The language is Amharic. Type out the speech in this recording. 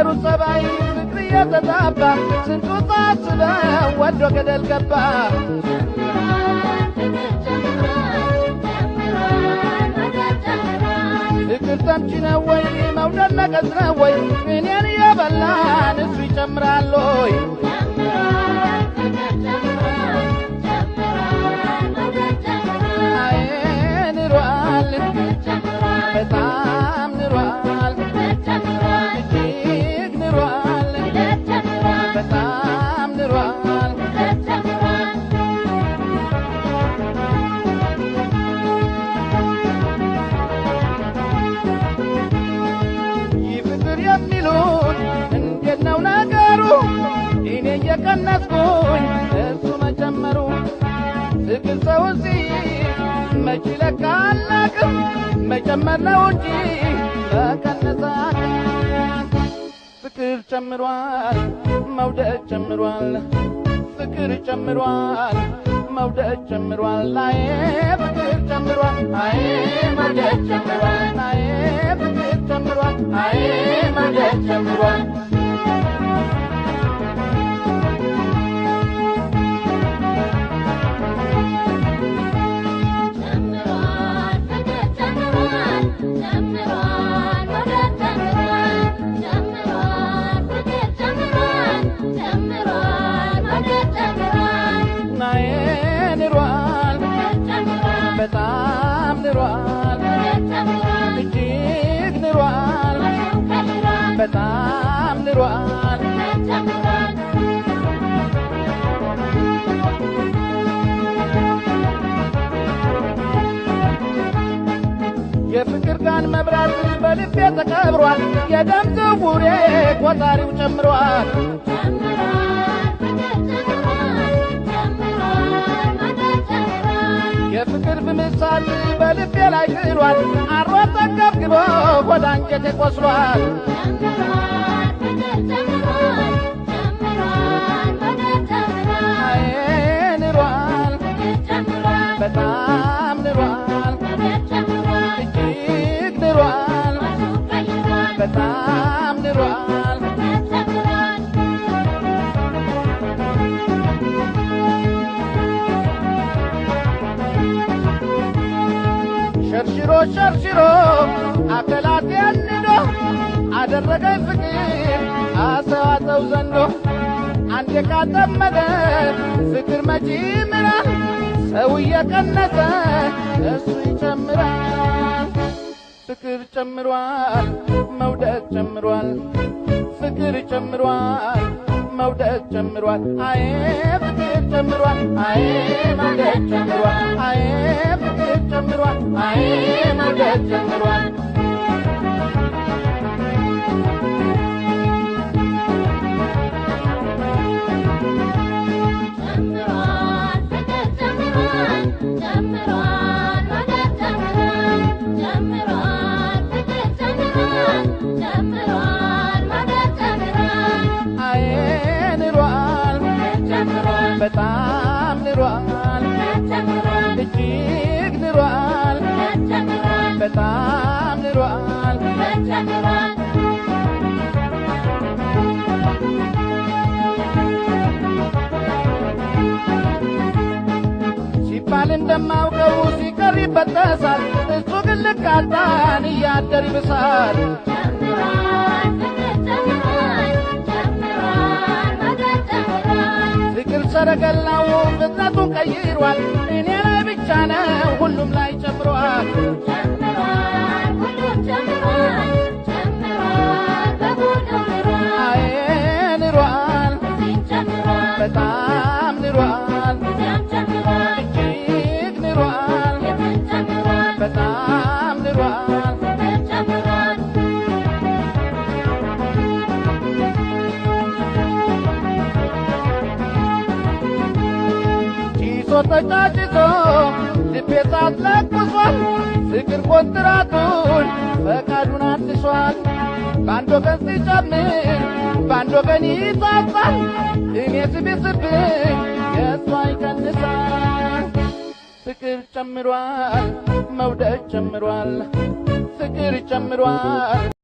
غيሩ ሰብኣይ ፍቅሪ የተጣባ ስንቁጣ ስለ ወዶ ገደል ገባ ፍቅር ተምች ነው ወይ መውደድ ነቀዝ ነው ወይ እኔን እየበላን እሱ ይጨምራለይ በጣም ንሯል ካላቅም መጨመር ነው እንጂ መቀነሳት ፍቅር ጨምሯል መውደድ ጨምሯል ፍቅር ጨምሯል መውደድ ጨምሯል አዬ ፍቅር ጨምሯል አዬ መውደድ ጨምሯል የፍቅር ጋን መብራት በልቤ ተቀብሯል። የደም ዝውውሬ ቆጣሪው ጨምሯል። የፍቅር ብምሳል በልቤ ላይ ጥሏል። አሯ ተገብግቦ ወደ አንጀቴ ቆስሏል። ተሰቅሏል ሸርሽሮ ሸርሽሮ አከላት ያንዶ አደረገ ፍቅር አሰዋጠው ዘንዶ አንዴ ካጠመደ ፍቅር መቼ ይምራል ሰው እየቀነሰ እሱ ይጨምራል ፍቅር ጨምሯል መውደድ ጨምሯል ፍቅር ጨምሯል መውደድ ጨምሯል አዬ ፍቅር ጨምሯል አዬ መውደድ ጨምሯል አዬ ፍቅር ጨምሯል አዬ መውደድ ጨምሯል ይበጠሳል፣ እሱ ግን ልቃጣን እያደር ይብሳል። ፍቅር ሰረገላው ፍጥነቱ ቀይሯል፣ እኔ ላይ ብቻ ነው ሁሉም ላይ ጨምሯል። ተጫጭቶ ልቤ ሳት ለቁሷል ፍቅር ኮንትራቱን ፈቃዱን አድሷል። በአንድ ወገን ሲጨምር በአንድ ወገን ይጻጻል። እኔ ስብስብኝ የእሷ ይቀንሳል። ፍቅር ጨምሯል፣ መውደድ ጨምሯል፣ ፍቅር ጨምሯል።